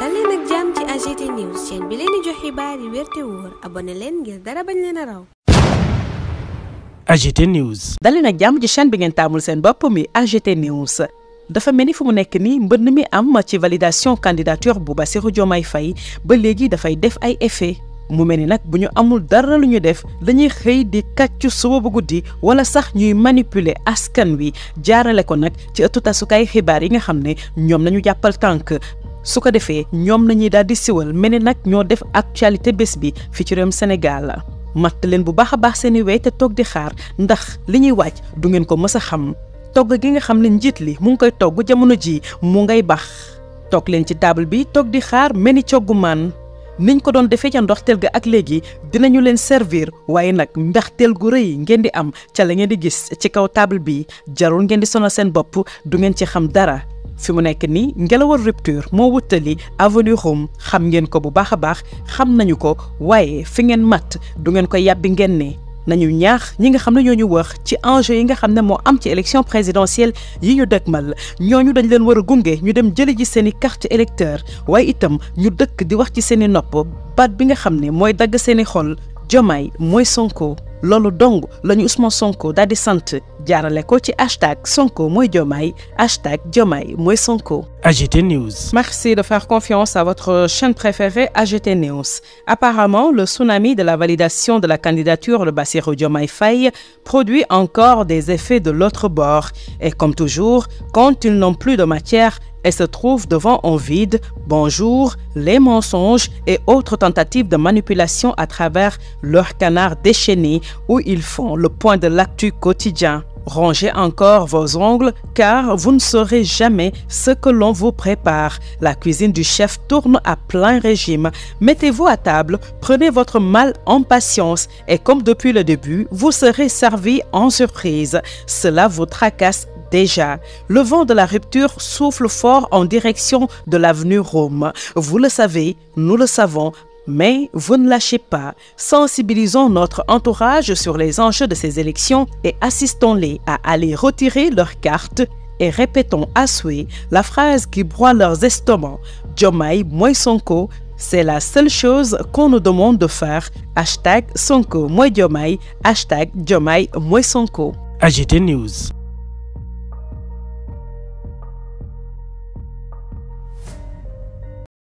dal leen ak jàmm ci AGT bi leen di jox xibaar yi wér te leen jàmm ci chaîne bi ngeen taamul seen bopp mi AGT news. dafa mel ni fu mu nekk nii mbënn mi am ci validation candidature bu Bassirou Diomaye fay ba léegi dafay def ay effet mu mel ni nag bu ñu amul dara lu ñu def dañuy xëy di kàccu suba bu guddi wala sax ñuy manipuler askan wi jaarale ko nag ci ëttu tasukaay xibaar yi nga xam ne ñoom nañu jàppal tànk su ko defee ñoom nañuy daal di siwal mel ni nag ñoo def actualité bés bi fi ci réewum Sénégal matt leen bu baax a baax seeni wey te toog di xaar ndax li ñuy wàcc du ngeen ko mës a xam togg gi nga xam ne njiit li mu ngi koy togg jamono ji mu ngay baax toog leen ci table bi toog di xaar mel ni coggu maan niñ ko doon defee ca tel ga ak léegi dinañu leen servir waaye nag ndaxteel gu rëy ngeen di am ca la ngeen di gis ci kaw table bi jarul ngeen di sonal seen bopp du ngeen ci xam dara fi mu nekk nii ngelawal rupture moo wutali avenue Rome xam ngeen ko bu baax a baax xam nañu ko waaye fi ngeen matt du ngeen ko yàbbi ngeen ne nañu ñaax ñi nga xam ne ñoo ñu wax ci enjeu yi nga xam ne moo am ci élection présidentielle yi ñu dëgmal ñooñu dañ leen war a gunge ñu dem jëli ji seen i carte électeur waaye itam ñu dëkk di wax ci seen i nopp baat bi nga xam ne mooy dagg seeni i xol Diomaye mooy Sonko. loolu dong la ñu Ousmane Sonko daal sant jaarale ko ci hashtag Sonko mooy Diomaye hashtag Diomaye mooy Sonko. AGT News. Merci de faire confiance à votre chaîne préférée AGT News. Apparemment, le tsunami de la validation de la candidature de Bassirou Diomaye Faye produit encore des effets de l'autre bord. Et comme toujours, quand ils n'ont plus de matière, et se trouve devant un vide, bonjour, les mensonges et autres tentatives de manipulation à travers leur canard déchaîné où ils font le point de l'actu quotidien. Rangez encore vos ongles car vous ne saurez jamais ce que l'on vous prépare. La cuisine du chef tourne à plein régime. Mettez-vous à table, prenez votre mal en patience et comme depuis le début, vous serez servi en surprise. Cela vous tracasse déjà. Le vent de la rupture souffle fort en direction de l'avenue Rome. Vous le savez, nous le savons. Mais vous ne lâchez pas, sensibilisons notre entourage sur les enjeux de ces élections et assistons-les à aller retirer leurs cartes et répétons à la phrase qui broie leurs estomacs. Jomai moins Sonko, c'est la seule chose qu'on nous demande de faire. Hashtag Sonko moins Jomai, hashtag Jomai moins Sonko. AGT News.